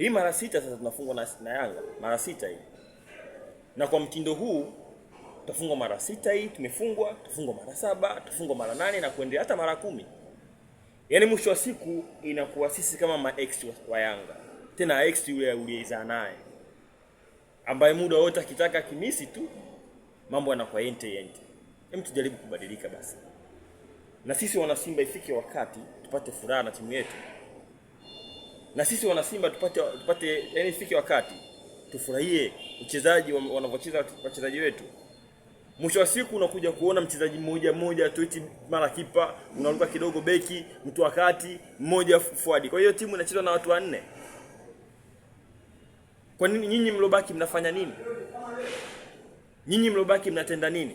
Hii mara sita sasa tunafungwa na, na Yanga mara sita hii, na kwa mtindo huu tutafungwa mara sita hii, tumefungwa tutafungwa mara saba tutafungwa mara nane na kuendelea hata mara kumi. Yaani mwisho wa siku inakuwa sisi kama ma ex wa Yanga, tena ex yule uliyezaa naye ambaye muda wote akitaka kimisi tu mambo yanakuwa ente ente. Hem, tujaribu kubadilika basi, na sisi wana Simba ifike wakati tupate furaha na timu yetu na sisi wanasimba tupate, tupate yani ifike wakati tufurahie uchezaji wanavyocheza wachezaji wetu. Mwisho wa siku unakuja kuona mchezaji mmoja mmoja tuiti mara kipa unaruka kidogo, beki mtu wakati mmoja fuadi. Kwa hiyo timu inacheza na watu wanne. Kwa nini nyinyi mlobaki mnafanya nini? Nyinyi mlobaki mnatenda nini?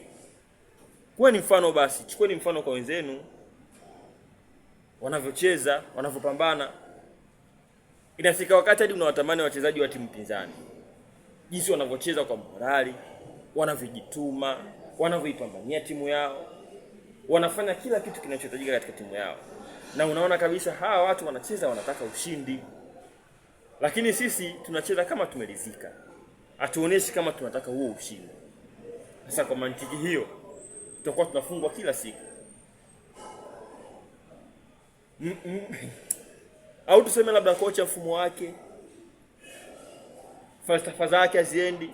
Kuwa ni mfano basi, chukua ni mfano kwa wenzenu wanavyocheza wanavyopambana. Inafika wakati hadi unawatamani wachezaji wa timu pinzani, jinsi wanavyocheza kwa morali, wanavyojituma, wanavyoipambania timu yao, wanafanya kila kitu kinachohitajika katika timu yao, na unaona kabisa hawa watu wanacheza, wanataka ushindi. Lakini sisi tunacheza kama tumeridhika, hatuonyeshi kama tunataka huo ushindi. Sasa kwa mantiki hiyo, tutakuwa tunafungwa kila siku au tuseme labda kocha mfumo wake falsafa zake haziendi